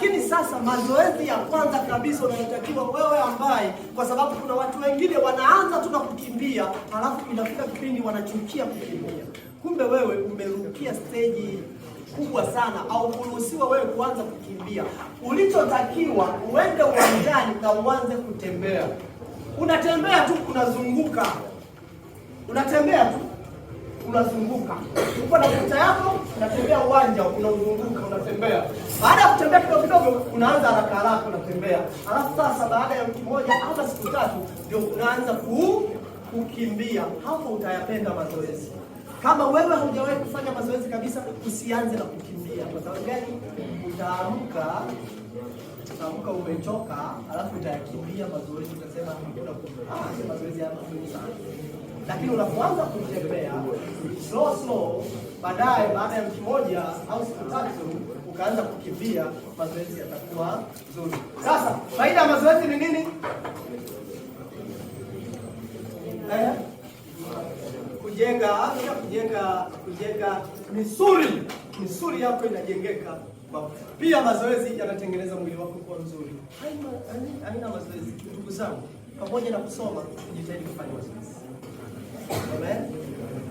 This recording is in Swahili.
Lakini sasa mazoezi ya kwanza kabisa unayotakiwa wewe, ambaye kwa sababu kuna watu wengine wanaanza tu na kukimbia, halafu inafika kipindi wanachukia kukimbia. Kumbe wewe umerukia steji kubwa sana, au kuruhusiwa wewe kuanza kukimbia. Ulichotakiwa uende uwanjani na uanze kutembea. Unatembea tu unazunguka, unatembea tu unazunguka, uko na kuta yako unatembea uwanja unauzunguka, unatembea. Baada ya kutembea kidogo kidogo, unaanza haraka haraka, unatembea. Alafu sasa, baada ya wiki moja hata siku tatu, ndio unaanza ku kukimbia. Hapo utayapenda mazoezi. Kama wewe hujawahi kufanya mazoezi kabisa, usianze na kukimbia. Kwa sababu gani? Utaamka utaamka umechoka, alafu utayakimbia mazoezi, utasema hakuna ah, mazoezi haya sana lakini unapoanza kumtembea slow slow, baadaye baada ya wiki moja au siku tatu ukaanza kukimbia, mazoezi yatakuwa nzuri. Sasa faida ya mazoezi ni nini? Eh, kujenga afya, kujenga kujenga misuli, misuli yako inajengeka. Pia mazoezi yanatengeneza mwili wako kuwa mzuri. Haina mazoezi, ndugu zangu, pamoja na kusoma, kujitahidi kufanya mazoezi.